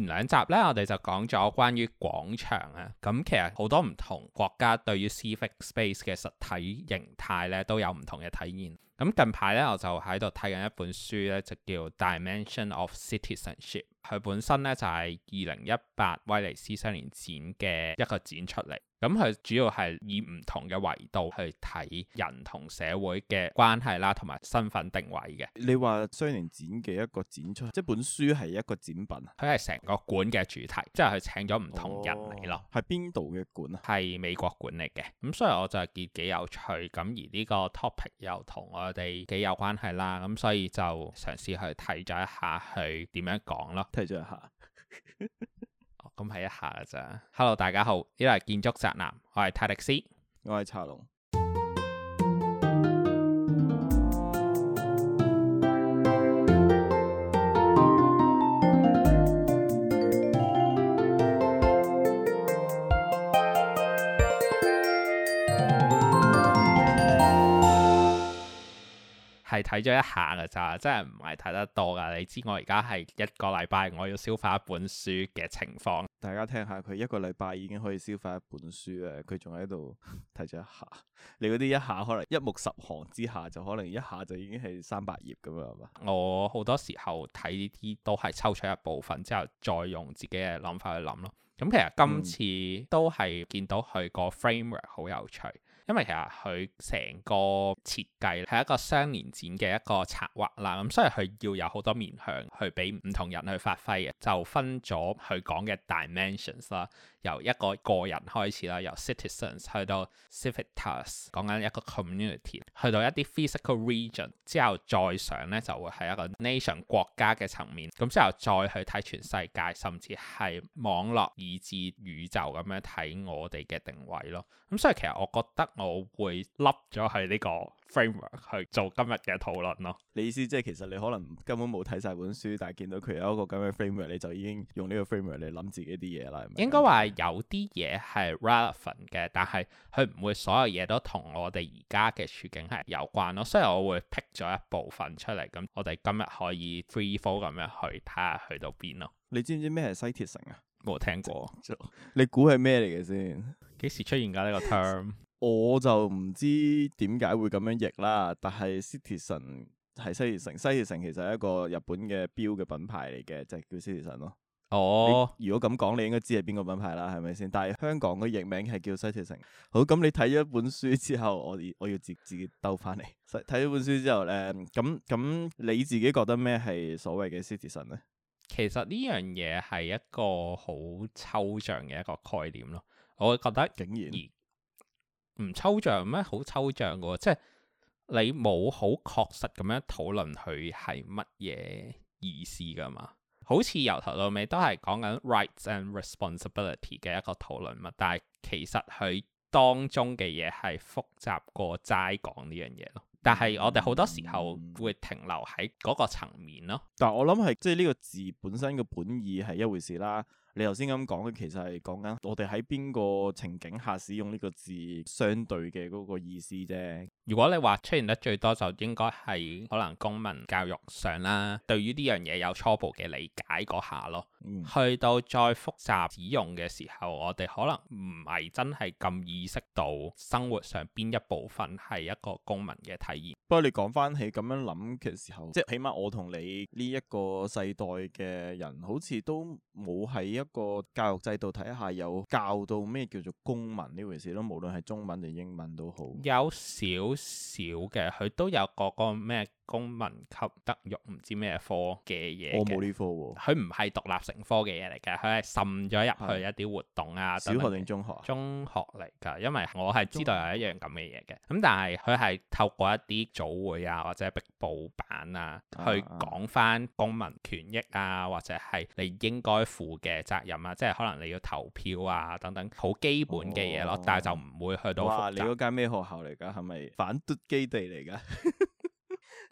前兩集咧，我哋就講咗關於廣場啊，咁、嗯、其實好多唔同國家對於 public space 嘅實體形態咧，都有唔同嘅體驗。咁近排咧，我就喺度睇緊一本書，咧，就叫《Dimensions of Citizenship》。佢本身咧就係二零一八威尼斯雙年展嘅一個展出嚟。咁佢主要係以唔同嘅維度去睇人同社會嘅關係啦，同埋身份定位嘅。你話雙年展嘅一個展出，即係本書係一個展品，佢係成個館嘅主題，即係佢請咗唔同人嚟咯。係邊度嘅館，係美國館嚟嘅。咁、嗯、所以我就係幾幾有趣。咁而呢個 topic 又同我，我哋幾有關係啦，咁所以就嘗試去睇咗一,一下，去點樣講咯。睇咗一下，哦，咁係一下咋。Hello，大家好，呢度係建築宅男，我係泰迪斯，我係查龍。係睇咗一下㗎咋，真係唔係睇得多㗎。你知我而家係一個禮拜我要消化一本書嘅情況。大家聽下佢一個禮拜已經可以消化一本書咧，佢仲喺度睇咗一下。你嗰啲一下可能一目十行之下，就可能一下就已經係三百頁咁樣。我好多時候睇呢啲都係抽出一部分之後，再用自己嘅諗法去諗咯。咁其實今次、嗯、都係見到佢個 framework 好有趣。因為其實佢成個設計係一個雙年展嘅一個策劃啦，咁所以佢要有好多面向去俾唔同人去發揮嘅，就分咗佢講嘅 dimensions 啦。由一個個人開始啦，由 citizens 去到 civitas，講緊一個 community，去到一啲 physical region 之後，再上咧就會係一個 nation 國家嘅層面，咁之後再去睇全世界，甚至係網絡以至宇宙咁樣睇我哋嘅定位咯。咁所以其實我覺得我會凹咗喺呢個 framework 去做今日嘅討論咯。你意思即係其實你可能根本冇睇晒本書，但係見到佢有一個咁嘅 framework，你就已經用呢個 framework 嚟諗自己啲嘢啦。應該話有啲嘢係 relevant 嘅，但係佢唔會所有嘢都同我哋而家嘅處境係有關咯。所以我會 pick 咗一部分出嚟，咁我哋今日可以 three four 咁樣去睇下去到邊咯。你知唔知咩係西鐵城啊？冇聽過。 你估係咩嚟嘅先？幾時出現㗎呢個 term？ 我就唔知點解會咁樣譯啦，但係 Citizen 係西鐵城，西鐵城其實係一個日本嘅錶嘅品牌嚟嘅，就係叫 Citizen 咯。哦，如果咁講，你應該知係邊個品牌啦，係咪先？但係香港嘅譯名係叫 Citizen。好，咁你睇咗本書之後，我我要自己自己兜翻嚟。睇咗本書之後咧，咁咁你自己覺得咩係所謂嘅 Citizen 咧？其實呢樣嘢係一個好抽象嘅一個概念咯，我覺得。竟然……唔抽象咩？好抽象噶，即係你冇好確實咁樣討論佢係乜嘢意思噶嘛？好似由頭到尾都係講緊 rights and responsibility 嘅一個討論嘛。但係其實佢當中嘅嘢係複雜過齋講呢樣嘢咯。但係我哋好多時候會停留喺嗰個層面咯。但係我諗係即係呢個字本身嘅本意係一回事啦。你頭先咁講嘅，其實係講緊我哋喺邊個情景下使用呢個字相對嘅嗰個意思啫。如果你話出現得最多，就應該係可能公民教育上啦，對於呢樣嘢有初步嘅理解嗰下咯。嗯、去到再複雜使用嘅時候，我哋可能唔係真係咁意識到生活上邊一部分係一個公民嘅體驗。不過你講翻起咁樣諗嘅時候，即係起碼我同你呢一個世代嘅人，好似都冇喺一個教育制度睇下有教到咩叫做公民呢回事咯，無論係中文定英文都好，有少少嘅，佢都有個個咩。公民及德育唔知咩科嘅嘢，我冇呢科喎。佢唔係獨立成科嘅嘢嚟嘅，佢係滲咗入去一啲活動啊。小學定中學？中學嚟㗎，因為我係知道有一樣咁嘅嘢嘅。咁但係佢係透過一啲早會啊，或者壁報板啊，去講返公民權益啊，啊啊或者係你應該負嘅責任啊，即係可能你要投票啊等等，好基本嘅嘢咯。哦哦哦但係就唔會去到。哇！你嗰間咩學校嚟㗎？係咪反奪基地嚟㗎？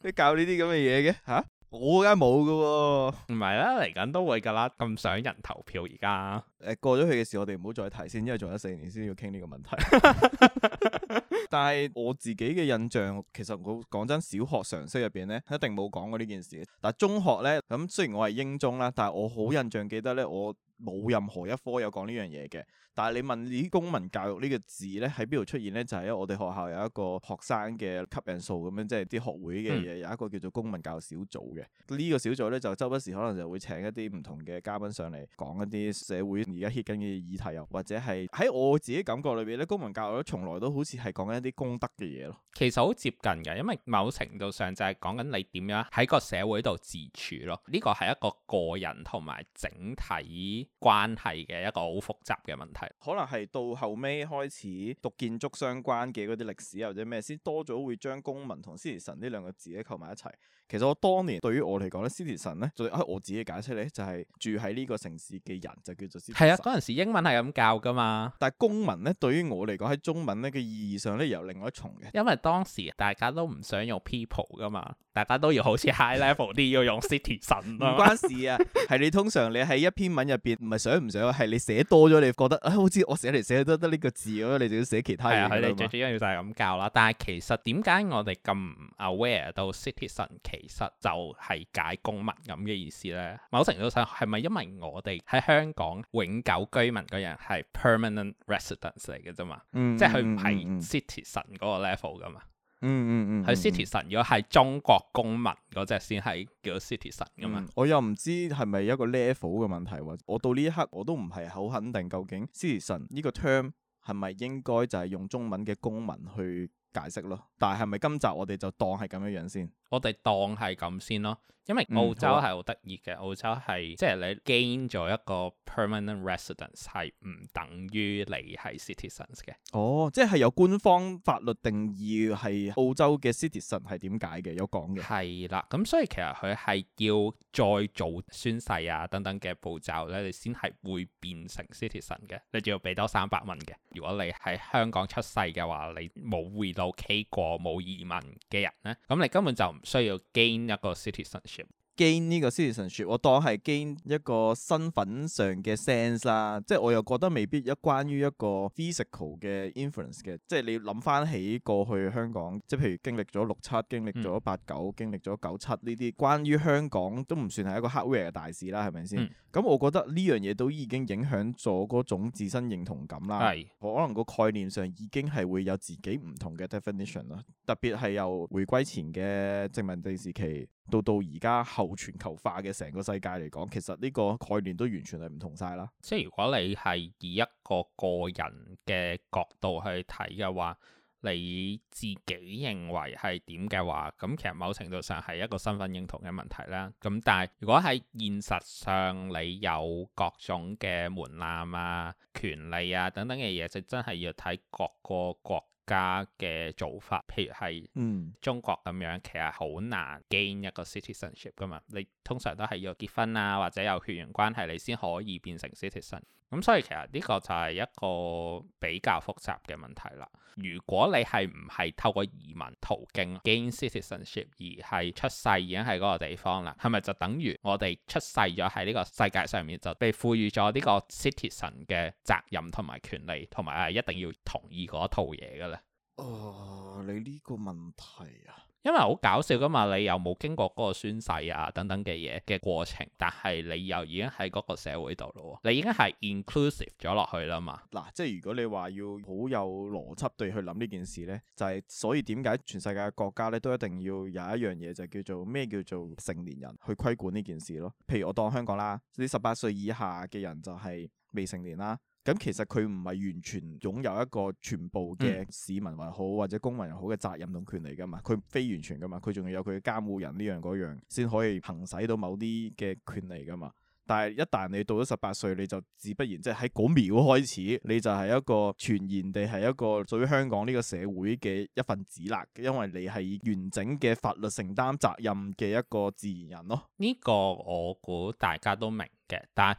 你教呢啲咁嘅嘢嘅吓？我梗冇噶，唔係啦，嚟緊都會噶啦，咁想人投票而家、啊。誒，過咗去嘅時候，我哋唔好再提先，因為仲有四年先要傾呢個問題。 但係我自己嘅印象，其實我講真，小學常識入邊咧，一定冇講過呢件事。但係中學咧，咁雖然我係英中啦，但係我好印象記得咧，我冇任何一科有講呢樣嘢嘅。但你問呢啲公民教育呢個字咧，喺邊度出現咧？就係、是、我哋學校有一個學生嘅吸引數咁樣，即係啲學會嘅嘢有一個叫做公民教育小組嘅呢、嗯、個小組咧，就周不時可能就會請一啲唔同嘅嘉賓上嚟講一啲社會而家 heat 緊嘅議題，又或者係喺我自己感覺裏邊咧，公民教育咧從來都好似係講緊一啲公德嘅嘢咯。其實好接近嘅，因為某程度上就係講緊你點樣喺個社會度自處咯。呢個係一個個人同埋整體關係嘅一個好複雜嘅問題。可能係到後尾開始讀建築相關嘅嗰啲歷史或者咩，先多咗會將公民同先神呢兩個字咧構埋一齊。其實我當年對於我嚟講咧，citizen 咧、啊，我自己解釋咧，就係、是、住喺呢個城市嘅人就叫做 citizen 係啊，嗰陣時英文係咁教噶嘛。但係公民咧，對於我嚟講喺中文咧嘅意義上咧，有另外一重嘅。因為當時大家都唔想用 people 噶嘛，大家都要好似 high level 啲 要用 citizen。唔關事啊，係 你通常你喺一篇文入邊唔係想唔想係 你寫多咗你覺得啊、哎，好似我寫嚟寫去都得呢個字，我你就要寫其他嘢。係啊，最主要就係咁教啦。但係其實點解我哋咁 aware 到 citizen 其實就係解公民咁嘅意思咧。某程度上係咪因為我哋喺香港永久居民嘅人係 permanent residence 嚟嘅啫嘛？即係佢唔係 citizen 嗰個 level 噶嘛、嗯？嗯嗯嗯。佢 citizen 如果係中國公民嗰隻先係叫 citizen 噶嘛、嗯？我又唔知係咪一個 level 嘅問題，或者我到呢一刻我都唔係好肯定究竟 citizen 呢個 term 係咪應該就係用中文嘅公民去？解釋咯，但係係咪今集我哋就當係咁樣樣先？我哋當係咁先咯。因為澳洲係好得意嘅，嗯、澳洲係、嗯、即係你 gain 咗一個 permanent residence 係唔等於你係 citizens 嘅。哦，即係有官方法律定義係澳洲嘅 citizen 係點解嘅？有講嘅。係啦，咁所以其實佢係要再做宣誓啊等等嘅步驟咧，你先係會變成 citizen 嘅。你仲要俾多三百蚊嘅。如果你喺香港出世嘅話，你冇回到 K 過冇移民嘅人咧，咁你根本就唔需要 gain 一個 citizenship。gain 呢個 citizenship，我當係 gain 一個身份上嘅 sense 啦，即係我又覺得未必一關於一個 physical 嘅 influence 嘅，即係你諗翻起過去香港，即係譬如經歷咗六七，經歷咗八九，經歷咗九七呢啲，關於香港都唔算係一個 hardware 嘅大事啦，係咪先？咁、嗯、我覺得呢樣嘢都已經影響咗嗰種自身認同感啦，是我可能個概念上已經係會有自己唔同嘅 definition 啦，特別係由回歸前嘅殖民地時期。到到而家後全球化嘅成個世界嚟講，其實呢個概念都完全係唔同晒啦。即係如果你係以一個個人嘅角度去睇嘅話，你自己認為係點嘅話，咁其實某程度上係一個身份認同嘅問題啦。咁但係如果喺現實上你有各種嘅門檻啊、權利啊等等嘅嘢，就真係要睇各個國家嘅做法，譬如係嗯，中國咁樣，其實好難 gain 一個 citizenship 噶嘛。你通常都係要結婚啊，或者有血緣關係，你先可以變成 citizens。咁所以其實呢個就係一個比較複雜嘅問題啦。如果你係唔係透過移民途徑 gain citizenship，而係出世已經喺嗰個地方啦，係咪就等於我哋出世咗喺呢個世界上面就被賦予咗呢個 citizens 嘅責任同埋權利，同埋係一定要同意嗰一套嘢噶咧？哦，你呢個問題啊，因為好搞笑噶嘛，你又冇經過嗰個宣誓啊等等嘅嘢嘅過程，但係你又已經喺嗰個社會度咯，你已經係 inclusive 咗落去啦嘛。嗱，即係如果你話要好有邏輯地去諗呢件事呢，就係、是、所以點解全世界嘅國家咧都一定要有一樣嘢就叫做咩叫做成年人去規管呢件事咯。譬如我當香港啦，你十八歲以下嘅人就係未成年啦。咁其實佢唔係完全擁有一個全部嘅市民又好或者公民又好嘅責任同權利噶嘛，佢非完全噶嘛，佢仲要有佢嘅監護人呢樣嗰樣先可以行使到某啲嘅權利噶嘛。但係一旦你到咗十八歲，你就自不然即係喺嗰秒開始，你就係一個自然地係一個屬於香港呢個社會嘅一份子啦，因為你係以完整嘅法律承擔責任嘅一個自然人咯。呢個我估大家都明嘅，但係。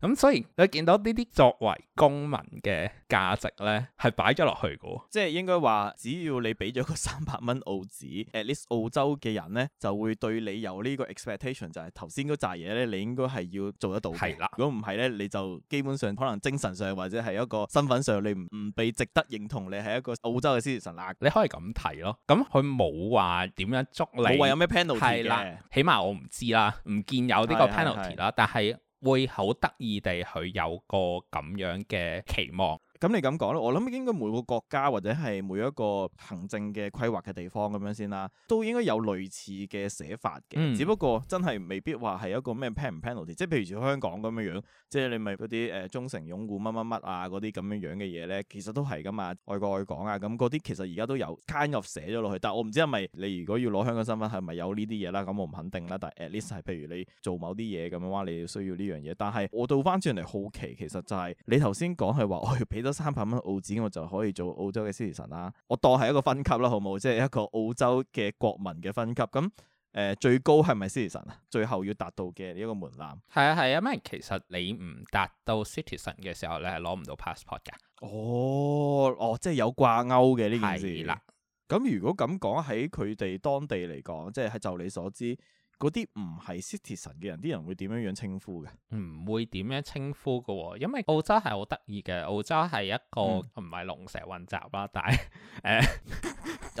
咁所以你見到呢啲作為公民嘅價值咧，係擺咗落去嘅，即係應該話，只要你俾咗個三百蚊澳紙，at least 澳洲嘅人咧就會對你有呢個 expectation，就係頭先嗰扎嘢咧，你應該係要做得到嘅。係啦，如果唔係咧，你就基本上可能精神上或者係一個身份上，你唔唔被值得認同，你係一個澳洲嘅 citizen 啦。你可以咁提咯，咁佢冇話點樣捉你，冇話有咩 penalty 嘅的，的起碼我唔知啦，唔見有呢個 penalty 啦，但係。會好得意地去有個咁樣嘅期望。咁你咁講咧，我諗應該每個國家或者係每一個行政嘅規劃嘅地方咁樣先啦，都應該有類似嘅寫法嘅。只不過真係未必話係一個咩 pen 唔 penalty 即係譬如似香港咁樣樣，即係你咪嗰啲誒忠誠擁護乜乜乜啊嗰啲咁樣樣嘅嘢咧，其實都係噶嘛，外國外港啊，咁嗰啲其實而家都有間入寫咗落去。但係我唔知係咪你如果要攞香港身份係咪有呢啲嘢啦？咁我唔肯定啦。但係 at least 係譬如你做某啲嘢咁樣，你要需要呢樣嘢。但係我倒翻轉嚟好奇，其實就係你頭先講係話我要俾。得三百蚊澳紙，我就可以做澳洲嘅 citizen 啦。我當係一個分級啦，好冇？即係一個澳洲嘅國民嘅分級。咁誒、呃，最高係咪 citizen 啊？最後要達到嘅一個門檻。係啊係啊，咩、啊？其實你唔達到 citizen 嘅時候，你係攞唔到 passport 嘅。哦哦，即係有掛鈎嘅呢件事。係啦。咁如果咁講，喺佢哋當地嚟講，即係就你所知。嗰啲唔係 citizen 嘅人，啲人會點樣樣稱呼嘅？唔、嗯、會點樣稱呼嘅喎、哦，因為澳洲係好得意嘅，澳洲係一個唔係龍蛇混雜啦，嗯、但係誒、哎、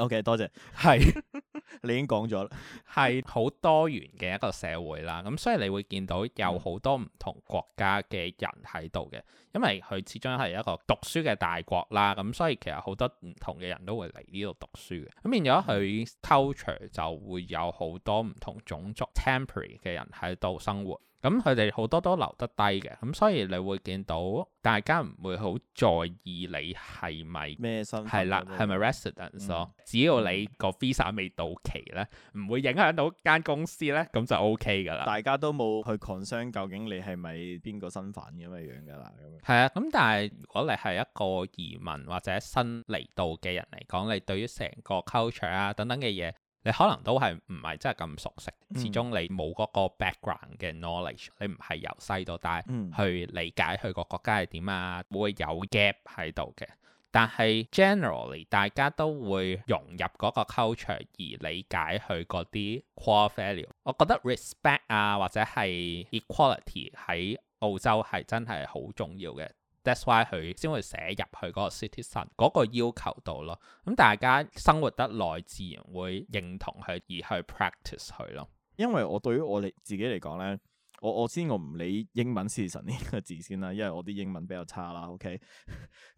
，OK，多謝，係。 你已經講咗啦，係 好多元嘅一個社會啦，咁所以你會見到有好多唔同國家嘅人喺度嘅，因為佢始終係一個讀書嘅大國啦，咁所以其實好多唔同嘅人都會嚟呢度讀書嘅，咁變咗佢 culture 就會有好多唔同種族 temporary 嘅、嗯、人喺度生活。咁佢哋好多都留得低嘅，咁所以你會見到大家唔會好在意你係咪咩身份，係啦，係咪 resident 啊？只要你個 visa 未到期咧，唔會影響到間公司咧，咁就 OK 㗎啦。大家都冇去 concern 究竟你係咪邊個身份咁樣樣㗎啦，咁樣。係啊，咁但係如果你係一個移民或者新嚟到嘅人嚟講，你對於成個 culture 啊等等嘅嘢。你可能都係唔係真係咁熟悉，始終你冇嗰個 background 嘅 knowledge，你唔係由細到大去理解佢個國家係點啊，會有 gap 喺度嘅。但係 generally 大家都會融入嗰個 culture 而理解佢嗰啲 core value。我覺得 respect 啊，或者係 equality 喺澳洲係真係好重要嘅。That's why 佢先會寫入去嗰個 citizen 嗰個要求度咯。咁、嗯、大家生活得耐，自然會認同佢而去 practice 佢咯。因為我對於我哋自己嚟講咧，我我先我唔理英文 citizen 呢個字先啦，因為我啲英文比較差啦。OK，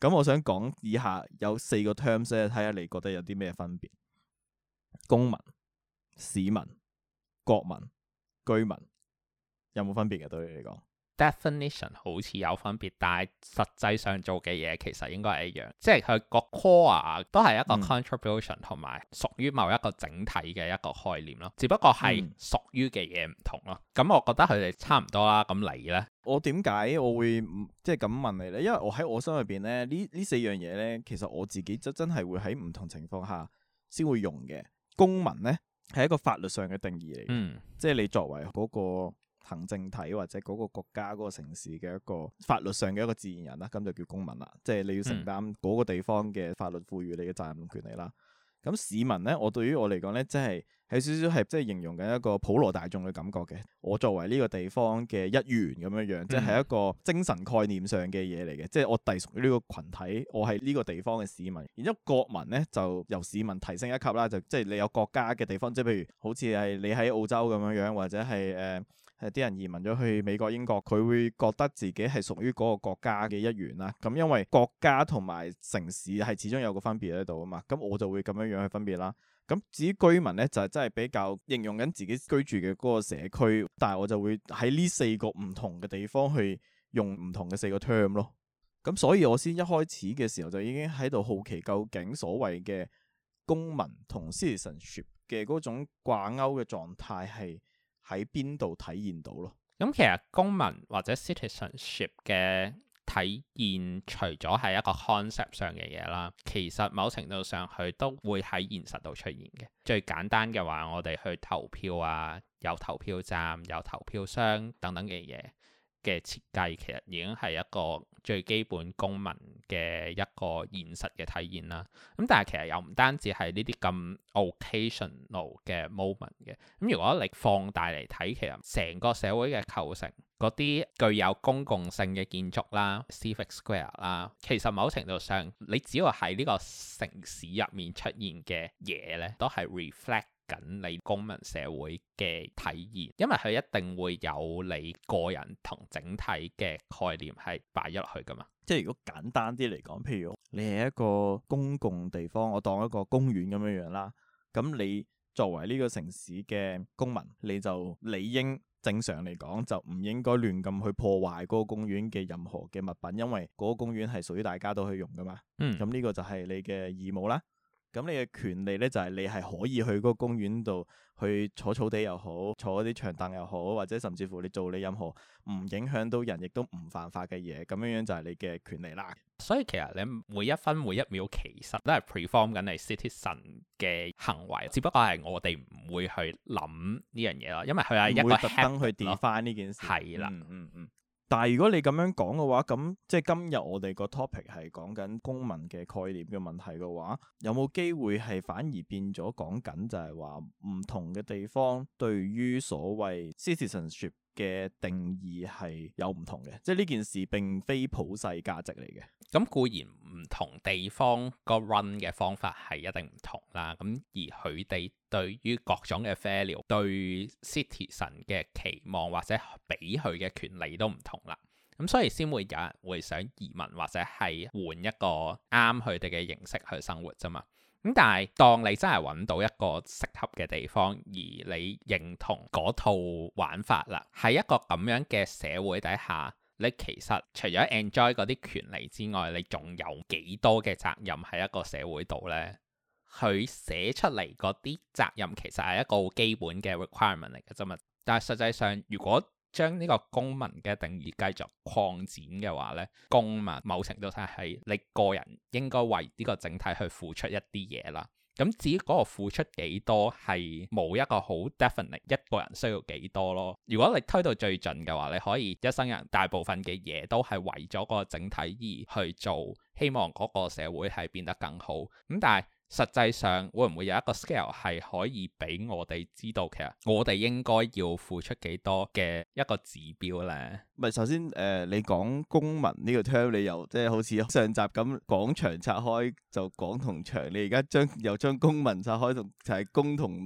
咁、 嗯、我想講以下有四個 terms 咧，睇下你覺得有啲咩分別？公民、市民、國民、居民，有冇分別嘅對你嚟講？Definition 好似有分別，但係實際上做嘅嘢其實應該係一樣，即係佢個 core 都係一個 contribution 同埋屬於某一個整體嘅一個概念咯，只不過係屬於嘅嘢唔同咯。咁、嗯、我覺得佢哋差唔多啦。咁、嗯、你咧？我點解我會即係咁問你咧？因為我喺我心裏邊咧，呢呢四樣嘢咧，其實我自己就真係會喺唔同情況下先會用嘅。公民咧係一個法律上嘅定義嚟，嗯，即係你作為嗰、個行政體或者嗰個國家嗰個城市嘅一個法律上嘅一個自然人啦、啊，咁就叫公民啦。即係你要承擔嗰個地方嘅法律賦予你嘅責任權利啦。咁、嗯、市民呢，我對於我嚟講呢，即係有少少係即係形容緊一個普羅大眾嘅感覺嘅。我作為呢個地方嘅一員咁樣樣，嗯、即係一個精神概念上嘅嘢嚟嘅。即係我隸屬於呢個群體，我係呢個地方嘅市民。然之後國民呢，就由市民提升一級啦，就即係你有國家嘅地方，即係譬如好似係你喺澳洲咁樣樣，或者係誒。呃係啲人移民咗去美國、英國，佢會覺得自己係屬於嗰個國家嘅一員啦。咁因為國家同埋城市係始終有個分別喺度啊嘛。咁我就會咁樣樣去分別啦。咁至於居民咧，就係真係比較形容緊自己居住嘅嗰個社區。但係我就會喺呢四個唔同嘅地方去用唔同嘅四個 term 咯。咁所以我先一開始嘅時候就已經喺度好奇，究竟所謂嘅公民同 citizenship 嘅嗰種掛鈎嘅狀態係？喺邊度體現到咯？咁、嗯、其實公民或者 citizenship 嘅體現，除咗係一個 concept 上嘅嘢啦，其實某程度上佢都會喺現實度出現嘅。最簡單嘅話，我哋去投票啊，有投票站、有投票箱等等嘅嘢。嘅設計其實已經係一個最基本公民嘅一個現實嘅體驗啦。咁但係其實又唔單止係呢啲咁 occasional 嘅 moment 嘅。咁如果你放大嚟睇，其實成個社會嘅構成，嗰啲具有公共性嘅建築啦，civic square 啦，其實某程度上，你只要喺呢個城市入面出現嘅嘢咧，都係 reflect 緊你公民社會嘅體驗，因為佢一定會有你個人同整體嘅概念係擺一落去噶嘛。即係如果簡單啲嚟講，譬如你係一個公共地方，我當一個公園咁樣樣啦，咁你作為呢個城市嘅公民，你就理應正常嚟講就唔應該亂咁去破壞嗰個公園嘅任何嘅物品，因為嗰個公園係屬於大家都去用噶嘛。嗯，咁呢個就係你嘅義務啦。咁你嘅權利咧，就係、是、你係可以去嗰個公園度去坐草地又好，坐啲長凳又好，或者甚至乎你做你任何唔影響到人，亦都唔犯法嘅嘢，咁樣樣就係你嘅權利啦。所以其實你每一分每一秒，其實都係 preform 緊你 citizen 嘅行為，只不過係我哋唔會去諗呢樣嘢咯，因為佢係一個會特登去點翻呢件事。係啦的、嗯嗯，嗯嗯。但係如果你咁樣講嘅話，咁即係今日我哋個 topic 係講緊公民嘅概念嘅問題嘅話，有冇機會係反而變咗講緊就係話唔同嘅地方對於所謂 citizenship 嘅定義係有唔同嘅，即係呢件事並非普世價值嚟嘅。咁固然唔同地方個 run 嘅方法係一定唔同啦。咁而佢哋對於各種嘅 failure，對 citizen 嘅期望或者俾佢嘅權利都唔同啦。咁所以先會有人會想移民或者係換一個啱佢哋嘅形式去生活啫嘛。咁但係當你真係揾到一個適合嘅地方，而你認同嗰套玩法啦，喺一個咁樣嘅社會底下，你其實除咗 enjoy 嗰啲權利之外，你仲有幾多嘅責任喺一個社會度呢？佢寫出嚟嗰啲責任，其實係一個基本嘅 requirement 嚟嘅啫嘛。但係實際上如果將呢個公民嘅定義繼續擴展嘅話呢,公民某程度上係你個人應該為呢個整體去付出一啲嘢啦。咁至於嗰個付出幾多，係冇一個好 definite 一個人需要幾多咯。如果你推到最盡嘅話，你可以一生人大部分嘅嘢都係為咗個整體而去做，希望嗰個社會係變得更好。咁但係，實際上會唔會有一個 scale 係可以俾我哋知道，其實我哋應該要付出幾多嘅一個指標咧？唔係，首先誒、呃，你講公民呢個 term，你又即係好似上集咁，廣場拆開就廣同場，你而家將又將公民拆開同就係、是、公同民。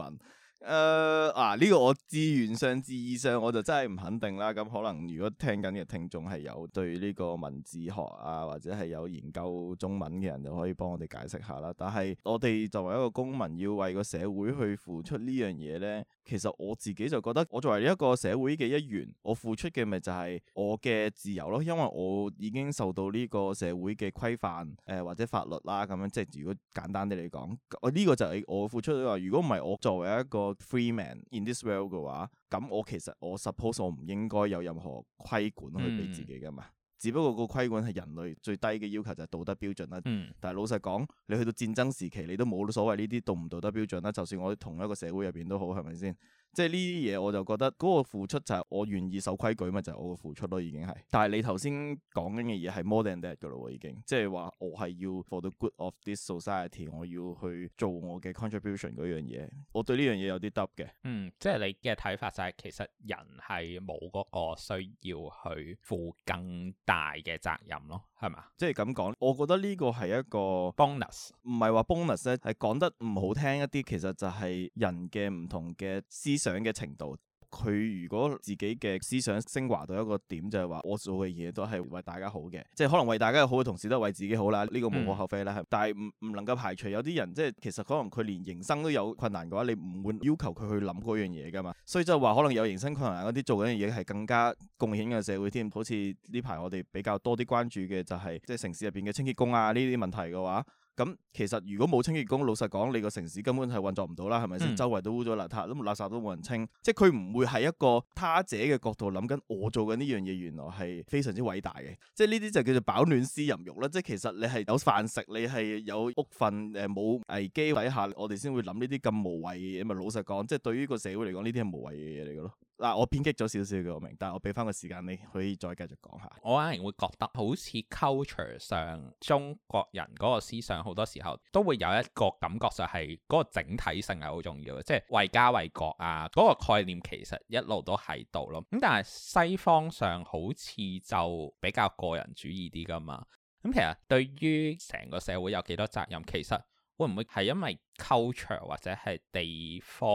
誒，嗱呢、呃啊，這個我資源上、知識上，我就真係唔肯定啦。咁可能如果聽緊嘅聽眾係有對呢個文字學啊，或者係有研究中文嘅人，就可以幫我哋解釋下啦。但係我哋作為一個公民，要為個社會去付出呢樣嘢呢，其實我自己就覺得，我作為一個社會嘅一員，我付出嘅咪就係我嘅自由咯。因為我已經受到呢個社會嘅規範，誒、呃、或者法律啦，咁樣即係如果簡單啲嚟講，呢、這個就係我付出咗。如果唔係我作為一個 Free man in this world 嘅話，咁我其實我 suppose 我唔應該有任何規管去俾自己噶嘛，嗯、只不過個規管係人類最低嘅要求就係道德標準啦。嗯、但係老實講，你去到戰爭時期，你都冇所謂呢啲道唔道德標準啦。就算我同一個社會入邊都好，係咪先？即係呢啲嘢，我就覺得個付出就係我願意守規矩嘛，就係我嘅付出咯，已經係。但係你頭先講緊嘅嘢係 more than that 㗎咯，已經即係話我係要 for the good of this society，我要去做我嘅 contribution 嗰樣嘢。我對呢樣嘢有啲 doubt 嘅。嗯，即係你嘅睇法就係其實人係冇個需要去負更大嘅責任咯，係嘛？即係咁講，我覺得呢個係一個 bonus，唔係話 bonus 咧，係講得唔好聽一啲，其實就係人嘅唔同嘅思，思想嘅程度，佢如果自己嘅思想升華到一個點，就係話我做嘅嘢都係為大家好嘅，即係可能為大家好嘅同時都係為自己好啦，呢個無可厚非啦，嗯。但係唔唔能夠排除有啲人，即係其實可能佢連人生都有困難嘅話，你唔會要求佢去諗嗰樣嘢噶嘛。所以就話可能有人生困難嗰啲做緊嘅嘢係更加貢獻嘅社會添，好似呢排我哋比較多啲關注嘅就係即係城市入邊嘅清潔工啊，呢啲問題嘅話。咁其實如果冇清潔工，老實講，你個城市根本係運作唔到啦，係咪先？嗯、周圍都污糟邋遢，都垃圾都冇人清，即係佢唔會係一個他者嘅角度諗緊，我做緊呢樣嘢原來係非常之偉大嘅，即係呢啲就叫做「飽暖思淫欲」啦。即係其實你係有飯食，你係有屋瞓，誒、呃、冇危機底下，我哋先會諗呢啲咁無謂嘅嘢。咁咪老實講，即係對於個社會嚟講，呢啲係無謂嘅嘢嚟嘅咯。嗱，我偏激咗少少嘅我明，但係我俾翻個時間，你可以再繼續講下。我反而會覺得好似 culture 上，中國人嗰個思想好多時候都會有一個感覺就係嗰個整體性係好重要嘅，即係為家為國啊，嗰個概念其實一路都喺度咯。咁但係西方上好似就比較個人主義啲噶嘛。咁其實對於成個社會有幾多責任，其實？會唔會係因為 culture 或者係地方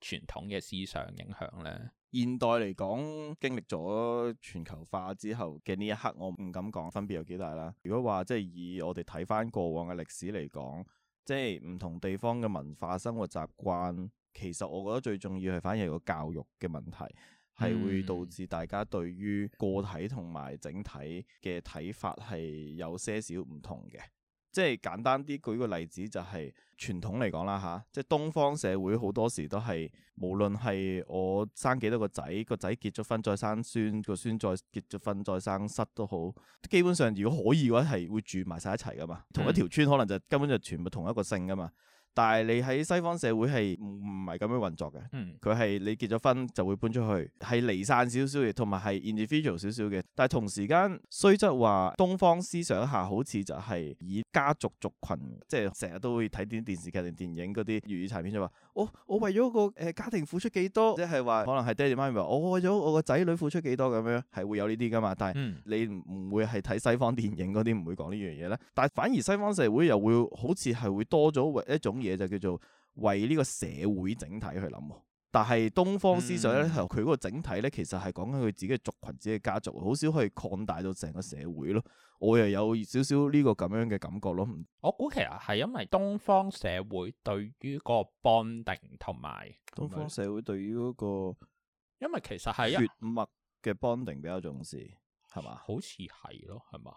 傳統嘅思想影響呢？現代嚟講，經歷咗全球化之後嘅呢一刻，我唔敢講分別有幾大啦。如果話即係以我哋睇翻過往嘅歷史嚟講，即係唔同地方嘅文化生活習慣，其實我覺得最重要係反而係個教育嘅問題，係會導致大家對於個體同埋整體嘅睇法係有些少唔同嘅。即係簡單啲舉個例子，就係，就係傳統嚟講啦吓，即係東方社會好多時都係，無論係我生幾多個仔，個仔結咗婚再生孫，個孫再結咗婚再生孫都好，基本上如果可以嘅話係會住埋晒一齊㗎嘛，嗯、同一條村可能就根本就全部同一個姓㗎嘛。但係你喺西方社會係唔係咁樣運作嘅？佢係、嗯、你結咗婚就會搬出去，係離散少少嘅，同埋係 individual 少少嘅。但係同時間雖則話東方思想下好似就係以家族族群，即係成日都會睇啲電視劇定電影嗰啲粵語殘片就話哦，我為咗個誒、呃、家庭付出幾多？即係話可能係爹哋媽咪話我為咗我個仔女付出幾多咁樣係會有呢啲噶嘛。但係你唔會係睇西方電影嗰啲唔會講呢樣嘢咧。但係反而西方社會又會好似係會多咗一種。嘢就叫做為呢個社會整體去諗，但係東方思想咧，佢嗰、嗯、個整體咧，其實係講緊佢自己嘅族群、自己嘅家族，好少可以擴大到成個社會咯。我又有少少呢個咁樣嘅感覺咯。我估其實係因為東方社會對於個 bonding 同埋，東方社會對於嗰個，因為其實係血脈嘅 bonding 比較重視，係嘛？啊、吧好似係咯，係嘛？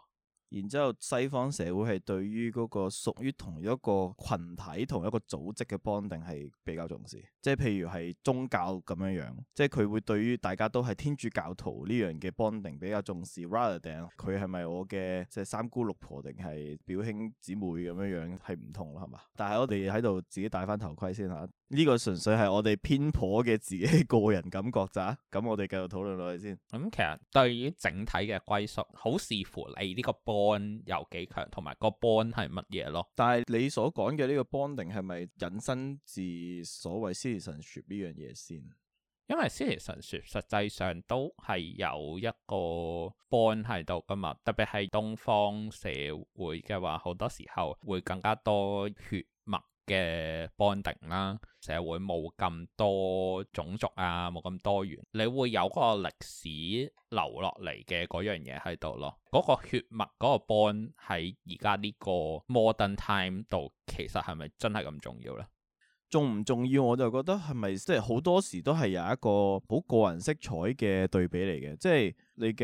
然之後，西方社會係對於嗰個屬於同一個群體同一個組織嘅 bonding 係比較重視，即係譬如係宗教咁樣樣，即係佢會對於大家都係天主教徒呢樣嘅 bonding 比較重視。Rather than 佢係咪我嘅即係三姑六婆定係表兄姊妹咁樣樣係唔同啦，係嘛？但係我哋喺度自己戴翻頭盔先嚇。呢個純粹係我哋偏頗嘅自己個人感覺咋，咁我哋繼續討論落去先，嗯。咁其實對於整體嘅歸宿，好視乎你呢個 bond 有幾強，同埋個 bond 係乜嘢咯。但係你所講嘅呢個 bond 定係咪引申自所謂 Citizenship 呢樣嘢先？因為 Citizenship 實際上都係有一個 bond 喺度噶嘛，特別係東方社會嘅話，好多時候會更加多血嘅 bonding 啦，社會冇咁多種族啊，冇咁多元，你會有個歷史留落嚟嘅嗰樣嘢喺度咯。嗰個血脈嗰個 bond 喺而家呢個 modern time 度，其實係咪真係咁重要呢？重唔重要？我就覺得係咪即係好多時都係有一個好個人色彩嘅對比嚟嘅，即係。你嘅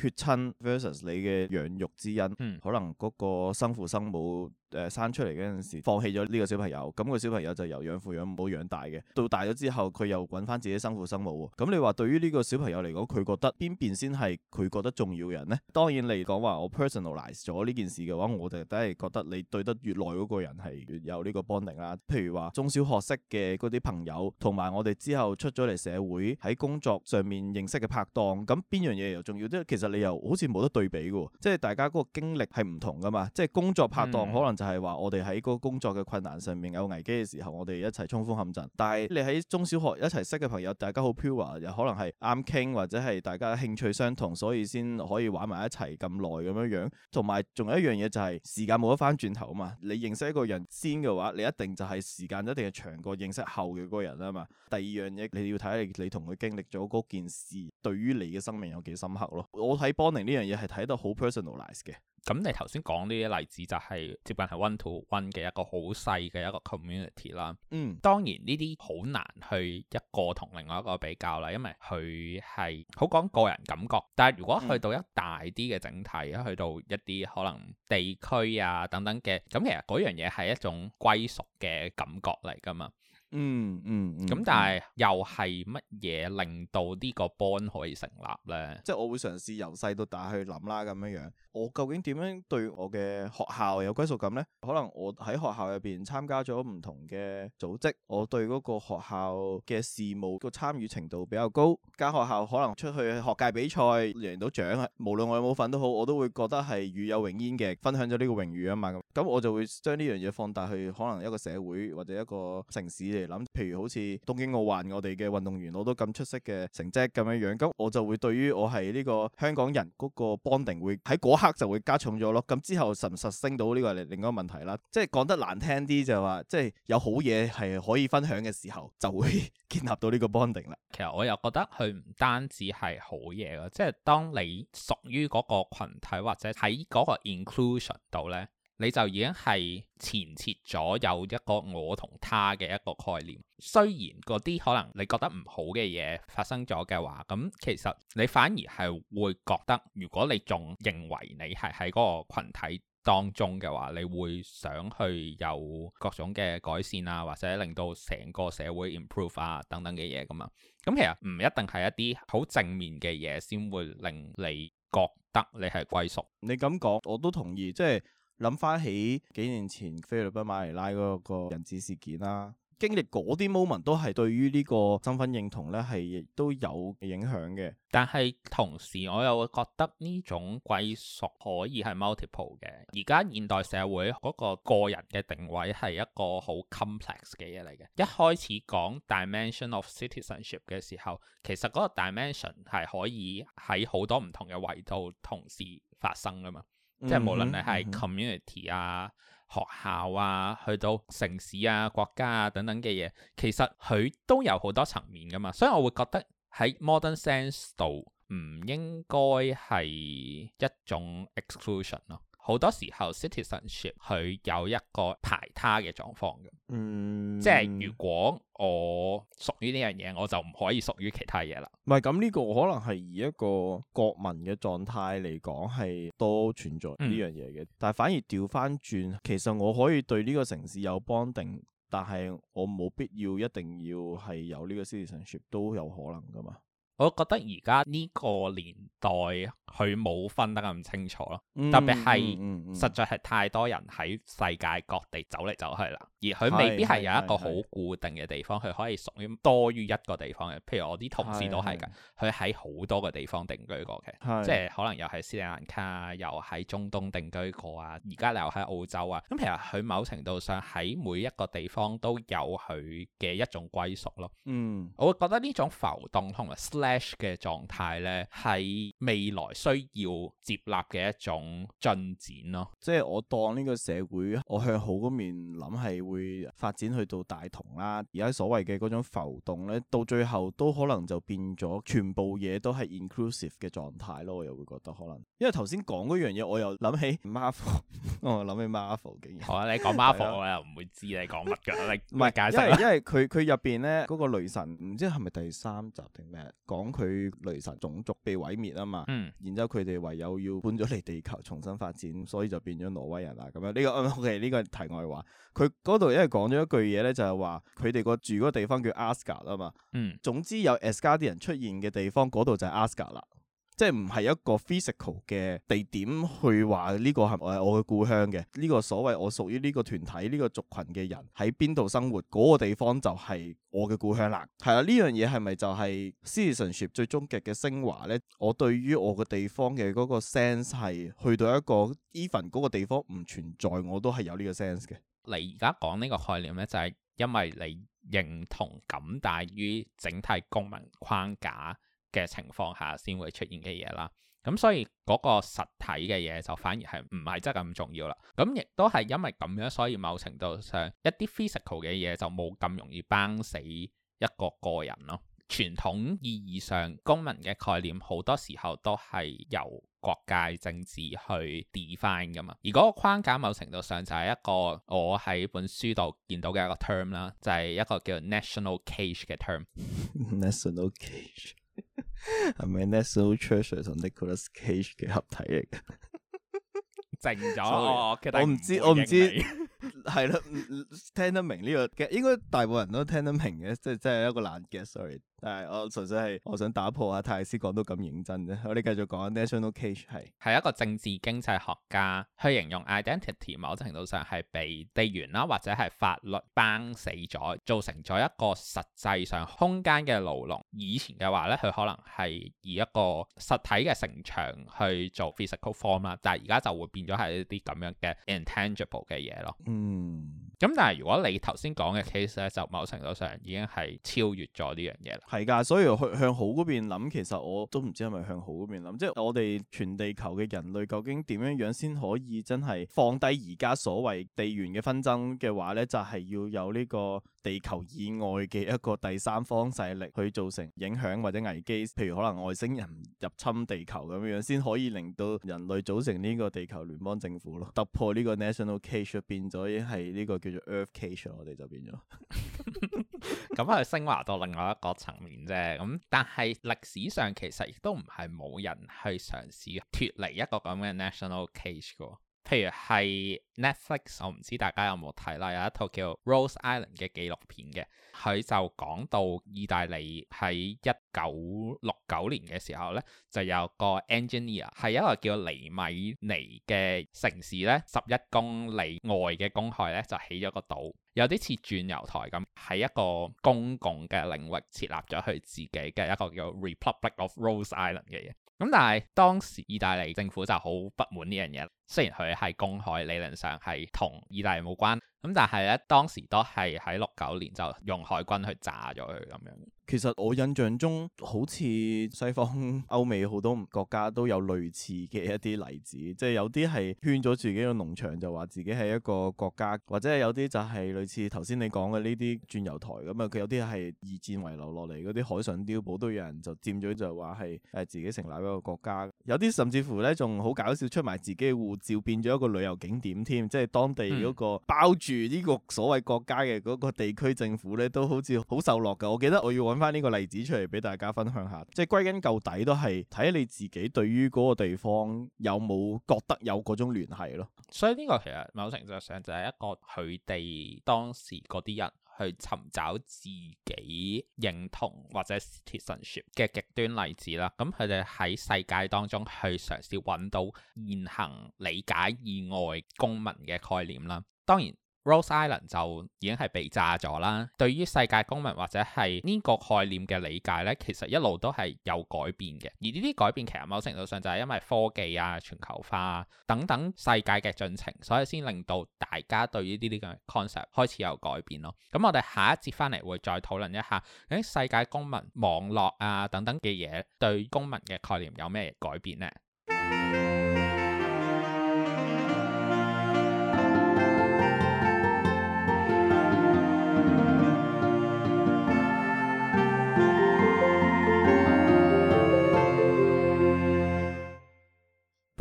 血親 versus 你嘅養育之恩，嗯、可能嗰個生父生母誒、呃、生出嚟嗰陣時放棄咗呢個小朋友，咁、個小朋友就由養父養母養大嘅。到大咗之後，佢又揾返自己生父生母喎。咁你話對於呢個小朋友嚟講，佢覺得邊邊先係佢覺得重要嘅人呢？當然嚟講話我 personalize 咗呢件事嘅話，我哋都係覺得你對得越耐嗰個人係越有呢個 bonding 啦。譬如話中小學識嘅嗰啲朋友，同埋我哋之後出咗嚟社會喺工作上面認識嘅拍檔，咁邊樣嘢嘢又重要，即係其實你又好似冇得對比嘅，即係大家嗰個經歷係唔同㗎嘛。即係工作拍檔可能就係話，我哋喺嗰個工作嘅困難上面有危機嘅時候，我哋一齊衝鋒陷陣。但係你喺中小學一齊識嘅朋友，大家好 pure 又可能係啱傾或者係大家興趣相同，所以先可以玩埋一齊咁耐咁樣樣。同埋仲有一樣嘢就係時間冇得返轉頭啊嘛。你認識一個人先嘅話，你一定就係時間一定係長過認識後嘅嗰個人啊嘛。第二樣嘢你要睇你同佢經歷咗嗰件事，對於你嘅生命有幾深刻咯，我睇 Bonding 呢樣嘢係睇得好 personalized 嘅。咁你頭先講呢啲例子就係接近係 one to one 嘅一個好細嘅一個 community 啦。嗯，當然呢啲好難去一個同另外一個比較啦，因為佢係好講個人感覺。但係如果去到一大啲嘅整體，嗯、去到一啲可能地區啊等等嘅，咁其實嗰樣嘢係一種歸屬嘅感覺嚟噶嘛。嗯嗯，咁、嗯嗯、但係、嗯、又係乜嘢令到呢個 bond 可以成立咧？即係我會嘗試由細到大去諗啦，咁樣樣，我究竟點樣對我嘅學校有歸屬感咧？可能我喺學校入邊參加咗唔同嘅組織，我對嗰個學校嘅事務，這個參與程度比較高。間學校可能出去學界比賽贏到獎，無論我有冇份都好，我都會覺得係與有榮焉嘅，分享咗呢個榮譽啊嘛。咁，咁我就會將呢樣嘢放大去，可能一個社會或者一個城市。諗，譬如好似東京奧運，我哋嘅運動員攞到咁出色嘅成績咁樣樣，咁我就會對於我係呢個香港人嗰個 bonding 會喺嗰刻就會加重咗咯。咁之後實唔實升到呢個係另另一個問題啦。即係講得難聽啲就話，即係有好嘢係可以分享嘅時候，就會建立到呢個 bonding 啦。其實我又覺得佢唔單止係好嘢咯，即係當你屬於嗰個羣體或者喺嗰個 inclusion 度咧。你就已經係前設咗有一個我同他嘅一個概念，雖然嗰啲可能你覺得唔好嘅嘢發生咗嘅話，咁其實你反而係會覺得，如果你仲認為你係喺嗰個羣體當中嘅話，你會想去有各種嘅改善啊，或者令到成個社會 improve 啊等等嘅嘢噶嘛。咁其實唔一定係一啲好正面嘅嘢先會令你覺得你係歸屬。你咁講我都同意，即係。諗翻起幾年前菲律賓馬尼拉嗰個人質事件啦，經歷嗰啲 moment 都係對於呢個身份認同咧係亦都有影響嘅。但係同時我又覺得呢種歸屬可以係 multiple 嘅。而家現代社會嗰個個人嘅定位係一個好 complex 嘅嘢嚟嘅。一開始講 dimension of citizenship 嘅時候，其實嗰個 dimension 係可以喺好多唔同嘅維度同時發生㗎嘛。即係無論你係 community 啊、嗯、哼學校啊、去到城市啊、國家啊等等嘅嘢，其實佢都有好多層面噶嘛，所以我會覺得喺 modern sense 度唔應該係一種 exclusion 咯。好多時候 citizenship 佢有一個排他嘅狀況嘅，嗯，即係如果我屬於呢樣嘢，我就唔可以屬於其他嘢啦，嗯。唔係咁，呢個可能係以一個國民嘅狀態嚟講係都存在呢樣嘢嘅，但係反而調返轉，其實我可以對呢個城市有 bonding，但係我冇必要一定要係有呢個 citizenship 都有可能㗎嘛。我覺得而家呢個年代佢冇分得咁清楚咯，特別係、嗯嗯嗯、實在係太多人喺世界各地走嚟走去啦，而佢未必係有一個好固定嘅地方，佢可以屬於多於一個地方嘅。譬如我啲同事都係㗎，佢喺好多個地方定居過嘅，嗯、即係可能又係斯里蘭卡，又喺中東定居過啊，而家又喺澳洲啊。咁其實佢某程度上喺每一個地方都有佢嘅一種歸屬咯。嗯，我會覺得呢種浮動同埋 Flash 嘅狀態咧，係未來需要接納嘅一種進展咯。即係我當呢個社會，我向好嗰面諗係會發展去到大同啦。而家所謂嘅嗰種浮動咧，到最後都可能就變咗全部嘢都係 inclusive 嘅狀態咯。我又會覺得可能，因為頭先講嗰樣嘢，我又諗起 Marvel。 我諗起 Marvel 竟然好、哦、 啊！你講 Marvel，我又唔會知你講乜噶。你唔係解釋，因為佢佢入邊咧嗰個雷神，唔知係咪第三集定咩？講佢雷神種族被毀滅啊嘛，嗯，然之後佢哋唯有要搬咗嚟地球重新發展，所以就變咗挪威人啦咁樣。呢、這個、嗯、OK，呢個題外話。佢嗰度因為講咗一句嘢咧，就係話佢哋個住嗰個地方叫 Asgard 啊嘛，嗯，總之有 Asgard 啲人出現嘅地方，嗰度就係 Asgard 啦。即係唔係一個 physical 嘅地點去話呢個係我嘅故鄉嘅，呢個所謂我屬於呢個團體呢個族群嘅人喺邊度生活嗰個地方就係我嘅故鄉啦。係啦、啊，呢樣嘢係咪就係 citizenship 最終極嘅升華咧？我對於我嘅地方嘅嗰個 sense 係去到一個 even 嗰個地方唔存在，我都係有呢個 sense 嘅。你而家講呢個概念咧，就係因為你認同感大於整體公民框架。嘅情況下先會出現嘅嘢啦，咁所以嗰個實體嘅嘢就反而係唔係真係咁重要啦。咁亦都係因為咁樣，所以某程度上一啲 physical 嘅嘢就冇咁容易綁死一個個人咯。傳統意義上公民嘅概念好多時候都係由國界政治去 define 噶嘛，而嗰個框架某程度上就係一個我喺本書度見到嘅一個 term 啦，就係一個叫 national cage 嘅 term。national cage。係咪 National Church 同 Nicholas Cage 嘅合體嚟嘅？靜咗，我唔知，我唔知，係咯 聽得，得明呢、這個嘅，應該大部分人都聽得，得明嘅，即係即係一個爛 gag，sorry。但係我純粹係我想打破阿、啊、泰斯講到咁認真啫，我哋繼續講 National Cage 係係一個政治經濟學家去形容 identity，某程度上係被地緣啦或者係法律綁死咗，造成咗一個實際上空間嘅牢籠。以前嘅話呢，佢可能係以一個實體嘅城牆去做 physical form 啦，但係而家就會變咗係一啲咁樣嘅 intangible 嘅嘢咯。嗯。咁但係如果你頭先講嘅 case 咧，就某程度上已經係超越咗呢樣嘢啦。係噶，所以去向好嗰邊諗，其實我都唔知係咪向好嗰邊諗，即係我哋全地球嘅人類究竟點樣樣先可以真係放低而家所謂地緣嘅紛爭嘅話咧，就係要有呢個。地球以外嘅一個第三方勢力去造成影響或者危機，譬如可能外星人入侵地球咁樣，先可以令到人類組成呢個地球聯邦政府咯，突破呢個 national cage 變咗係呢個叫做 earth cage，我哋就變咗，咁係升華到另外一個層面啫。咁但係歷史上其實亦都唔係冇人去嘗試脫離一個咁嘅 national cage 嘅。譬如係 Netflix，我唔知大家有冇睇啦，有一套叫《Rose Island》嘅紀錄片嘅，佢就講到意大利喺一九六九年嘅時候咧，就有個 engineer，係一個叫尼米尼嘅城市咧，十一公里外嘅公海咧就起咗個島，有啲似鑽油台咁，喺一個公共嘅領域設立咗佢自己嘅一個叫 Republic of Rose Island 嘅嘢。咁但係當時意大利政府就好不滿呢樣嘢，雖然佢係公海，理論上係同意大利冇關，咁但係咧當時都係喺六九年就用海軍去炸咗佢咁樣。其實我印象中，好似西方歐美好多國家都有類似嘅一啲例子，即係有啲係圈咗自己嘅農場，就話自己係一個國家，或者係有啲就係類似頭先你講嘅呢啲轉油台咁啊。佢有啲係二戰遺留落嚟嗰啲海上碉堡，都有人就佔咗，就話係誒自己成立一個國家。有啲甚至乎呢，仲好搞笑，出埋自己嘅護照，變咗一個旅遊景點添，即係當地嗰個包住呢個所謂國家嘅嗰個地區政府呢，都好似好受落㗎。我記得我要。揾翻呢個例子出嚟俾大家分享下，即係歸根究底都係睇你自己對於嗰個地方有冇覺得有嗰種聯繫咯。所以呢個其實某程度上就係一個佢哋當時嗰啲人去尋找自己認同或者 citizenship 嘅極端例子啦。咁佢哋喺世界當中去嘗試揾到現行理解以外公民嘅概念啦。當然。Rose Island 就已經係被炸咗啦。對於世界公民或者係呢個概念嘅理解呢，其實一路都係有改變嘅。而呢啲改變其實某程度上就係因為科技啊、全球化、啊、等等世界嘅進程，所以先令到大家對於呢啲呢個 concept 開始有改變咯。咁、嗯、我哋下一節翻嚟會再討論一下，誒世界公民網絡啊等等嘅嘢對公民嘅概念有咩改變呢？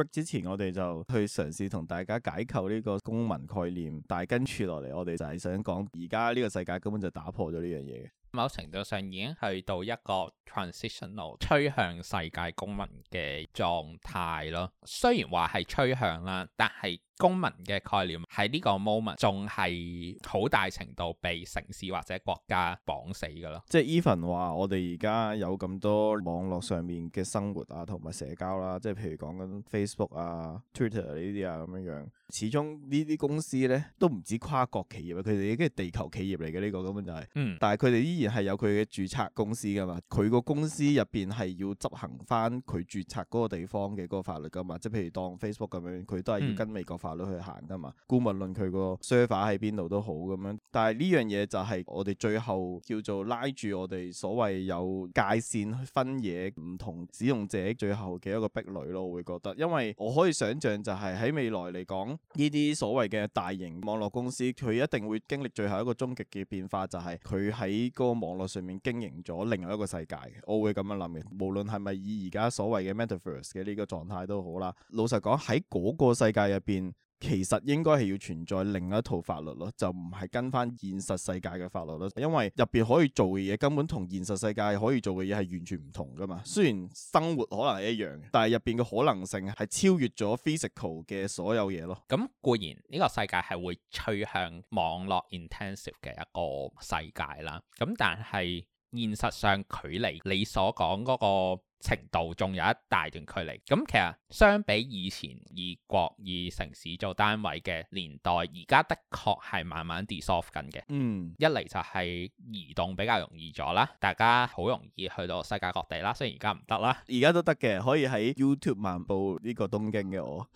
之前我哋就去嘗試同大家解構呢個公民概念，但係跟住落嚟我哋就係想講而家呢個世界根本就打破咗呢樣嘢，某程度上已經去到一個 transitional 趨向世界公民嘅狀態咯。雖然話，係趨向啦，但係。公民嘅概念喺呢個 moment 仲係好大程度被城市或者國家綁死噶咯。即係 even 話我哋而家有咁多網絡上面嘅生活啊，同埋社交啦、啊，即係譬如講緊 Facebook 啊、Twitter 呢啲啊咁樣樣。始終呢啲公司咧都唔止跨國企業啊，佢哋已經係地球企業嚟嘅呢個根本就係、是。嗯。但係佢哋依然係有佢嘅注冊公司噶嘛，佢個公司入邊係要執行翻佢注冊嗰個地方嘅嗰個法律噶嘛。即係譬如當 Facebook 咁樣，佢都係要跟美國、嗯。法律去行噶嘛？姑勿論佢個 server 喺邊度都好咁樣，但係呢樣嘢就係我哋最後叫做拉住我哋所謂有界線分嘢唔同使用者最後嘅一個壁壘咯。我會覺得，因為我可以想像就係喺未來嚟講，呢啲所謂嘅大型網絡公司，佢一定會經歷最後一個終極嘅變化，就係佢喺嗰個網絡上面經營咗另外一個世界。我會咁樣諗嘅，無論係咪以而家所謂嘅 metaverse 嘅呢個狀態都好啦。老實講，喺嗰個世界入邊。其實應該係要存在另一套法律咯，就唔係跟翻現實世界嘅法律咯，因為入邊可以做嘅嘢根本同現實世界可以做嘅嘢係完全唔同噶嘛。雖然生活可能係一樣，但係入邊嘅可能性係超越咗 physical 嘅所有嘢咯。咁固然呢個世界係會趨向網絡 intensive 嘅一個世界啦，咁但係現實上距離你所講嗰個。程度仲有一大段距離，咁其實相比以前以國以城市做單位嘅年代，而家的確係慢慢 dissolve 緊嘅。嗯，一嚟就係移動比較容易咗啦，大家好容易去到世界各地啦。雖然而家唔得啦，而家都得嘅，可以喺 YouTube 漫步呢個東京嘅我，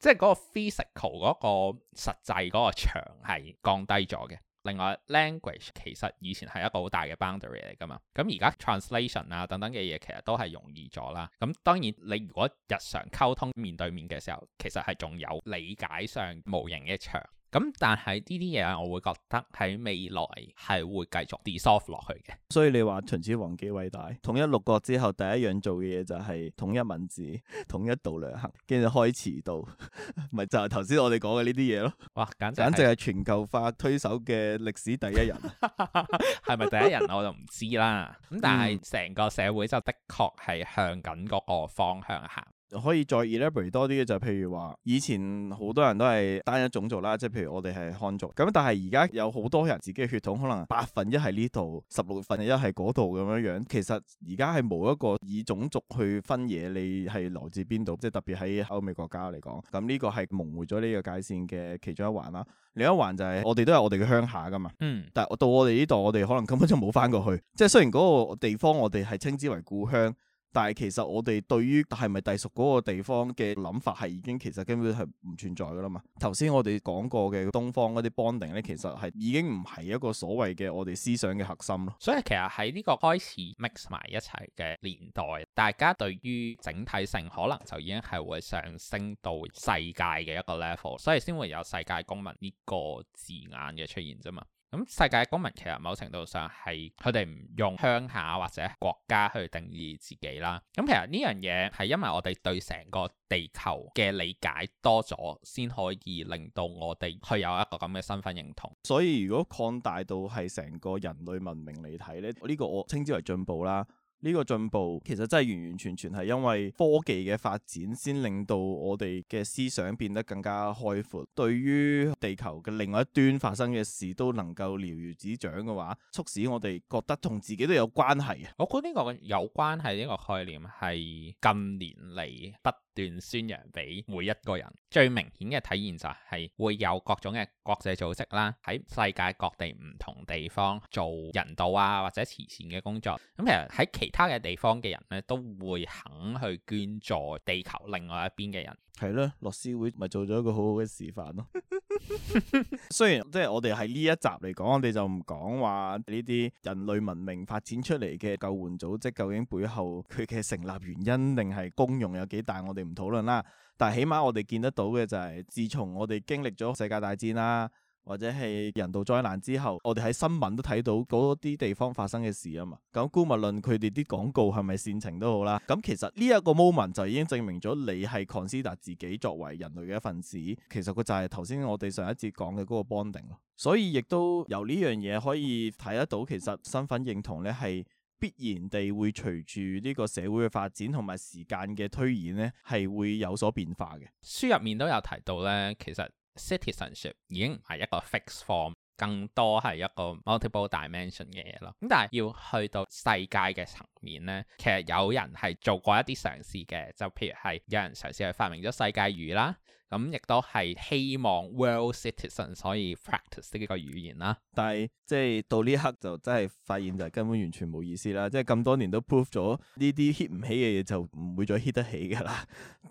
即係嗰個 physical 嗰個實際嗰個場係降低咗嘅。另外，language 其實以前係一個好大嘅 boundary 嚟㗎嘛。咁而家 translation 啊、等等嘅嘢，其實都係容易咗啦。咁當然，你如果日常溝通面對面嘅時候，其實係仲有理解上模型嘅場咁、嗯、但係呢啲嘢，我會覺得喺未來係會繼續 dissolve 落去嘅。所以你話秦始皇幾偉大？統一六國之後，第一樣做嘅嘢就係統一文字、統一度量衡。跟住開馳道，咪 就係頭先我哋講嘅呢啲嘢咯。哇，簡直簡直係全球化推手嘅歷史第一人，係咪 第一人我就唔知啦。咁 但係成個社會就的確係向緊嗰個方向行。可以再 elaborate 多啲嘅就係，譬如話，以前好多人都係單一種族啦，即係譬如我哋係漢族，咁但係而家有好多人自己嘅血統可能八分一係呢度，十六分一係嗰度咁樣樣。其實而家係冇一個以種族去分嘢，你係來自邊度，即係特別喺歐美國家嚟講，咁呢個係模糊咗呢個界線嘅其中一環啦。另一環就係我哋都係我哋嘅鄉下噶嘛，嗯，但係到我哋呢度，我哋可能根本就冇返過去，即係雖然嗰個地方我哋係稱之為故鄉。但係其實我哋對於係咪隸屬嗰個地方嘅諗法係已經其實根本係唔存在噶啦嘛。頭先我哋講過嘅東方嗰啲 bonding 咧，其實係已經唔係一個所謂嘅我哋思想嘅核心咯。所以其實喺呢個開始 mix 埋一齊嘅年代，大家對於整體性可能就已經係會上升到世界嘅一個 level，所以先會有世界公民呢個字眼嘅出現啫嘛。咁世界公民其實某程度上係佢哋唔用鄉下或者國家去定義自己啦。咁其實呢樣嘢係因為我哋對成個地球嘅理解多咗，先可以令到我哋去有一個咁嘅身份認同。所以如果擴大到係成個人類文明嚟睇咧，呢個我稱之為進步啦。呢個進步其實真係完完全全係因為科技嘅發展，先令到我哋嘅思想變得更加開闊。對於地球嘅另外一端發生嘅事，都能夠瞭如指掌嘅話，促使我哋覺得同自己都有關係啊！我覺得呢個有關係呢個概念係近年嚟段宣揚俾每一個人，最明顯嘅體現就係會有各種嘅國際組織啦，喺世界各地唔同地方做人道啊或者慈善嘅工作。咁其實喺其他嘅地方嘅人咧，都會肯去捐助地球另外一邊嘅人。係咯，樂施會咪做咗一個好好嘅示範咯，啊。 雖然即係我哋喺呢一集嚟講，我哋就唔講話呢啲人類文明發展出嚟嘅救援組織究竟背後佢嘅成立原因，定係功用有幾大，我哋唔討論啦。但係起碼我哋見得到嘅就係，自從我哋經歷咗世界大戰啦。或者係人道災難之後，我哋喺新聞都睇到嗰啲地方發生嘅事啊嘛。咁姑勿論佢哋啲廣告係咪煽情都好啦。咁其實呢一個 moment 就已經證明咗你係 consider 自己作為人類嘅一份子。其實佢就係頭先我哋上一節講嘅嗰個 bonding 咯。所以亦都由呢樣嘢可以睇得到，其實身份認同咧係必然地會隨住呢個社會嘅發展同埋時間嘅推演咧，係會有所變化嘅。書入面都有提到咧，其實。citizenship 已經唔係一個 fixed form，更多係一個 multiple dimension 嘅嘢咯。咁但係要去到世界嘅層面咧，其實有人係做過一啲嘗試嘅，就譬如係有人嘗試去發明咗世界語啦。咁亦都係希望 world citizens 可以 practice 呢個語言啦，但係即係到呢刻就真係發現就根本完全冇意思啦，即係咁多年都 prove 咗 呢啲 hit 唔起嘅嘢就唔會再 hit 得起噶啦，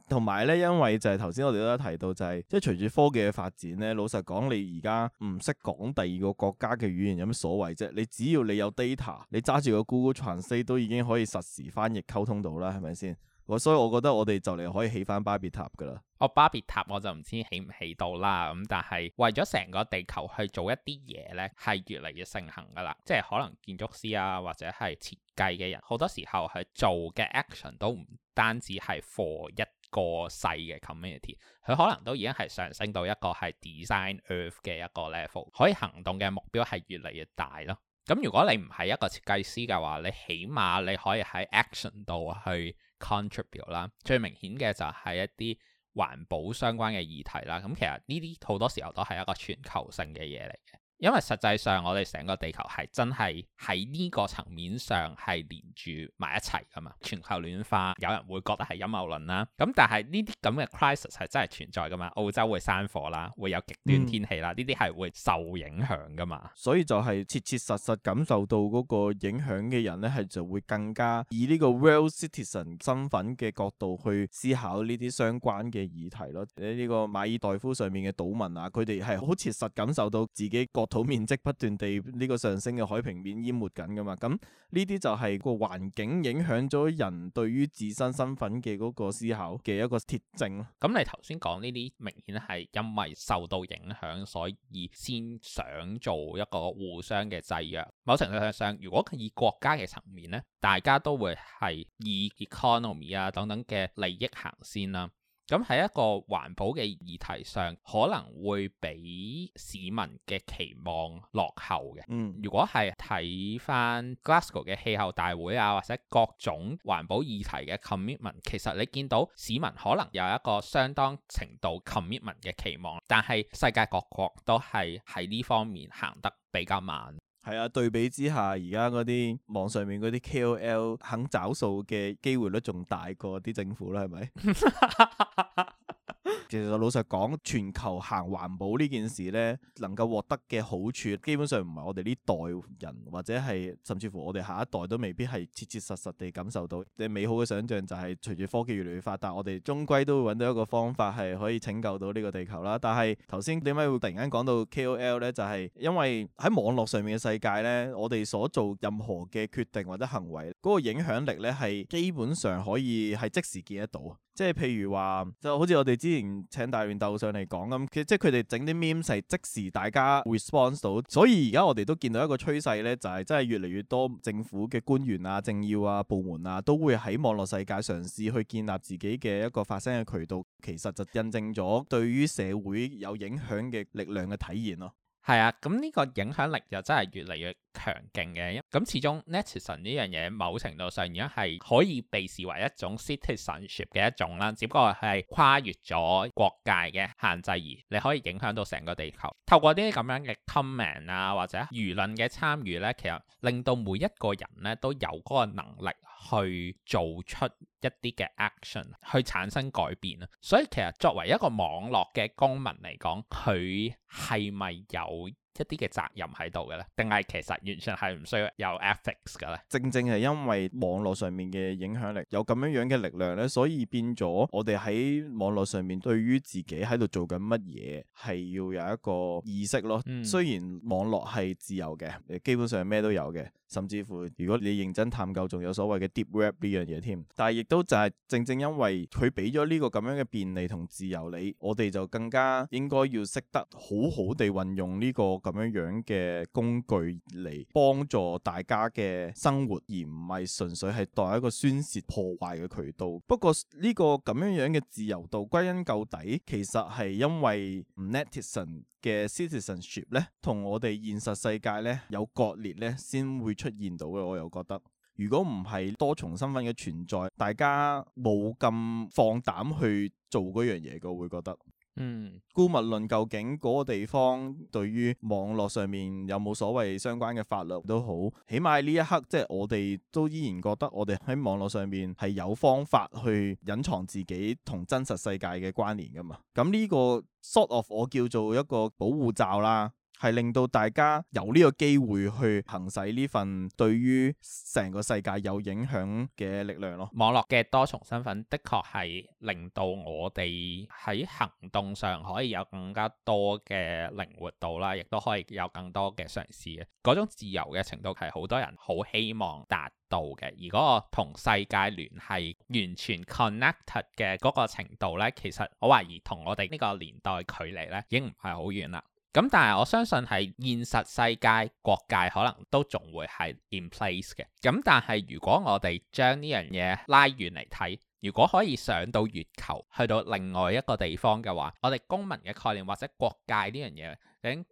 同埋咧因為就係頭先我哋都提到就係即係隨住科技嘅發展咧，老實講你而家唔識講第二個國家嘅語言有乜所謂啫？你只要你有 data，你揸住個 Google Translate 都已經可以實時翻譯溝通到啦，係咪先？所以，我覺得我哋就嚟可以起翻巴別塔噶啦，哦。我巴別塔我就唔知起唔起到啦。咁但係為咗成個地球去做一啲嘢咧，係越嚟越盛行噶啦。即係可能建築師啊，或者係設計嘅人，好多時候佢做嘅 action 都唔單止係 for 一個細嘅 community，佢可能都已經係上升到一個係 design earth 嘅一個 level，可以行動嘅目標係越嚟越大咯。咁如果你唔係一個設計師嘅話，你起碼你可以喺 action 度去 contribute 啦，最明顯嘅就係一啲環保相關嘅議題啦。咁其實呢啲好多時候都係一個全球性嘅嘢嚟嘅。因為實際上我哋成個地球係真係喺呢個層面上係連住埋一齊噶嘛全球暖化有人會覺得係陰謀論啦，咁但係呢啲咁嘅 crisis 係真係存在噶嘛澳洲會山火啦，會有極端天氣啦，呢啲係會受影響噶嘛所以就係切切實實感受到嗰個影響嘅人咧，係就會更加以呢個 world citizen 身份嘅角度去思考呢啲相關嘅議題咯，喺、這、呢個馬爾代夫上面嘅島民啊，佢哋係好切實感受到自己土面積不斷地呢個上升嘅海平面淹沒緊㗎嘛，咁呢啲就係個環境影響咗人對於自身身份嘅嗰個思考嘅一個鐵證咯。咁你頭先講呢啲明顯係因為受到影響，所以先想做一個互相嘅制約。某程度上，如果以國家嘅層面呢，大家都會係以 economy 啊等等嘅利益行先啦、啊。咁喺一個環保嘅議題上，可能會俾市民嘅期望落後嘅。嗯，如果係睇返 Glasgow 嘅氣候大會啊，或者各種環保議題嘅 commitment，其實你見到市民可能有一個相當程度 commitment 嘅期望，但係世界各國都係喺呢方面行得比較慢。係啊，對比之下，而家嗰啲網上面嗰啲 KOL 肯找數嘅機會率仲大過啲政府啦，係咪？ 其實老實講，全球行環保呢件事呢，能夠獲得嘅好處，基本上唔係我哋呢代人，或者係甚至乎我哋下一代都未必係切切實實地感受到。即係美好嘅想像就係隨住科技越嚟越發達，我哋終歸都會揾到一個方法係可以拯救到呢個地球啦。但係頭先點解會突然間講到 KOL 呢？就係因為喺網絡上面嘅世界呢，我哋所做任何嘅決定或者行為，嗰個影響力呢，係基本上可以係即時見得到。即係譬如話，就好似我哋之前請大亂鬥上嚟講咁，其即係佢哋整啲 meme 係即時大家 response 到，所以而家我哋都見到一個趨勢咧，就係真係越嚟越多政府嘅官員啊、政要啊、部門啊，都會喺網絡世界嘗試去建立自己嘅一個發聲嘅渠道，其實就印證咗對於社會有影響嘅力量嘅體現咯。係啊，咁呢個影響力就真係越嚟越強勁嘅。咁始終 netizen 呢樣嘢，某程度上而家係可以被視為一種 citizenship 嘅一種啦。只不過係跨越咗國界嘅限制，而你可以影響到成個地球。透過啲咁樣嘅 comment 啊，或者輿論嘅參與咧，其實令到每一個人咧都有嗰個能力。去做出一啲嘅 action，去產生改變啦。所以其實作為一個網絡嘅公民嚟講，佢係咪有？一啲嘅責任喺度嘅咧，定係其實完全係唔需要有 ethics 嘅咧？正正係因為網絡上面嘅影響力有咁樣樣嘅力量咧，所以變咗我哋喺網絡上面對於自己喺度做緊乜嘢係要有一個意識咯。嗯、雖然網絡係自由嘅，基本上咩都有嘅，甚至乎如果你認真探究，仲有所謂嘅 deep web 呢樣嘢添。但係亦都就係正正因為佢俾咗呢個咁樣嘅便利同自由，你我哋就更加應該要識得好好地運用呢、呢個。咁樣樣嘅工具嚟幫助大家嘅生活，而唔係純粹係代一個宣洩破壞嘅渠道。不過呢個咁樣樣嘅自由度歸根究底，其實係因為 netizen 嘅 citizenship 咧，同我哋現實世界咧有割裂咧，先會出現到嘅。我又覺得，如果唔係多重身份嘅存在，大家冇咁放膽去做嗰樣嘢，我會覺得。嗯，姑勿論究竟嗰個地方對於網絡上面有冇所謂相關嘅法律都好，起碼呢一刻即係、就是，我哋都依然覺得我哋喺網絡上面係有方法去隱藏自己同真實世界嘅關聯㗎嘛，咁呢個 sort of 我叫做一個保護罩啦。係令到大家有呢個機會去行使呢份對於成個世界有影響嘅力量咯。網絡嘅多重身份的確係令到我哋喺行動上可以有更加多嘅靈活度啦，亦都可以有更多嘅嘗試。嗰種自由嘅程度係好多人好希望達到嘅。而嗰個同世界聯繫完全 connected 嘅嗰個程度呢，其實我懷疑同我哋呢個年代距離呢已經唔係好遠啦。咁但係我相信係現實世界國界可能都仲會係 in place 嘅。咁但係如果我哋將呢樣嘢拉遠嚟睇，如果可以上到月球，去到另外一個地方嘅話，我哋公民嘅概念或者國界呢樣嘢，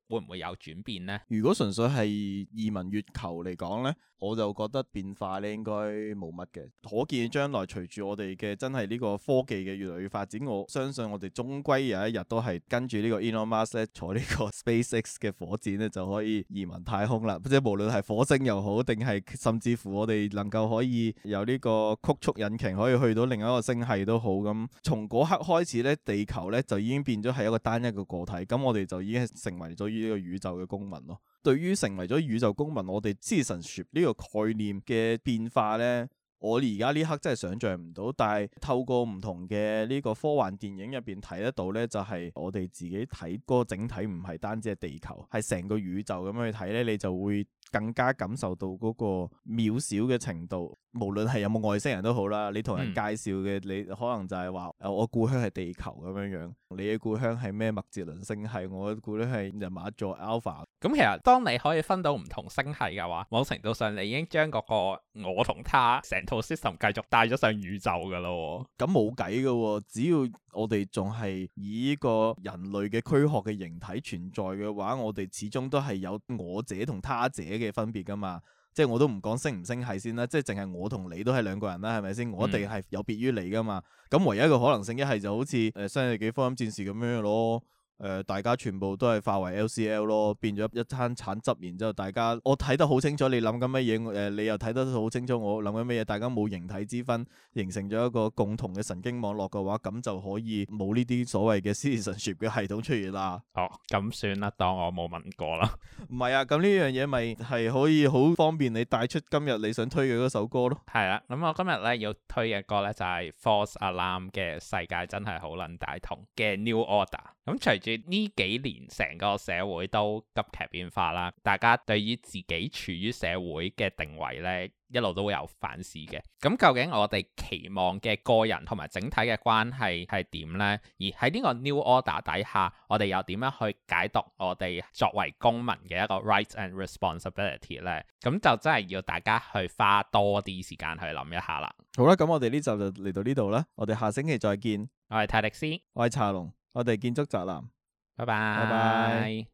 會唔會有轉變呢？如果純粹係移民月球嚟講呢，我就覺得變化呢應該冇乜嘅。可見將來隨住我哋嘅真係呢個科技嘅越來越發展，我相信我哋終歸有一日都係跟住呢個 Elon Musk 坐呢個 SpaceX 嘅火箭呢就可以移民太空啦。即係無論係火星又好，定係甚至乎我哋能夠可以有呢個曲速引擎可以去到另一個星系都好。咁從嗰刻開始呢，地球呢就已經變咗係一個單一嘅個，個體。咁我哋就已經成。成為咗呢個宇宙嘅公民咯。對於成為咗宇宙公民，我哋 citizenship 呢個概念嘅變化呢，我而家呢刻真係想象唔到。但係透過唔同嘅呢個科幻電影入邊睇得到呢，就係、是、我哋自己睇嗰、那個整體唔係單止係地球，係成個宇宙咁樣去睇呢，你就會。更加感受到嗰個渺小嘅程度，無論係有冇外星人都好啦。你同人介紹嘅，嗯、你可能就係話誒我故鄉係地球咁樣樣，你嘅故鄉係咩？麥哲倫星系，我故鄉係人馬座 Alpha。咁、嗯、其實當你可以分到唔同星系嘅話，某程度上你已經將嗰個我同他成套 system 繼續帶咗上宇宙噶咯。咁冇計嘅喎，只要我哋仲係以個人類嘅軀殼嘅形體存在嘅話，我哋始終都係有我者同他者。嘅分別噶嘛，即係我都唔講升唔升係先啦，即係淨係我同你都係兩個人啦，係咪先？我哋係有別於你噶嘛，咁、嗯、唯一一個可能性，一係就好似誒《新世紀福音戰士》咁樣咯。誒、呃，大家全部都係化為 LCL 咯，變咗一餐橙汁，然之後大家我睇得好清楚你諗緊乜嘢，誒、呃，你又睇得好清楚我諗緊乜嘢，大家冇形體之分，形成咗一個共同嘅神經網絡嘅話，咁就可以冇呢啲所謂嘅 citizenship 嘅系統出現啦。哦，咁算啦，當我冇問過啦。唔係 啊，咁呢樣嘢咪係可以好方便你帶出今日你想推嘅嗰首歌咯。係啊，咁、嗯、我今日咧要推嘅歌咧就係、是、False Alarm 嘅世界真係好撚大同嘅 New Order。咁、嗯住呢幾年，成個社會都急劇變化啦。大家對於自己處於社會嘅定位呢，一路都會有反思嘅。咁究竟我哋期望嘅個人同埋整體嘅關係係點呢？而喺呢個 New Order 底下，我哋又點樣去解讀我哋作為公民嘅一個 rights and responsibility 呢？咁就真係要大家去花多啲時間去諗一下啦。好啦，咁我哋呢集就嚟到呢度啦。我哋下星期再見。我係泰力斯，我係查龍。我哋建築宅男，拜拜，拜拜。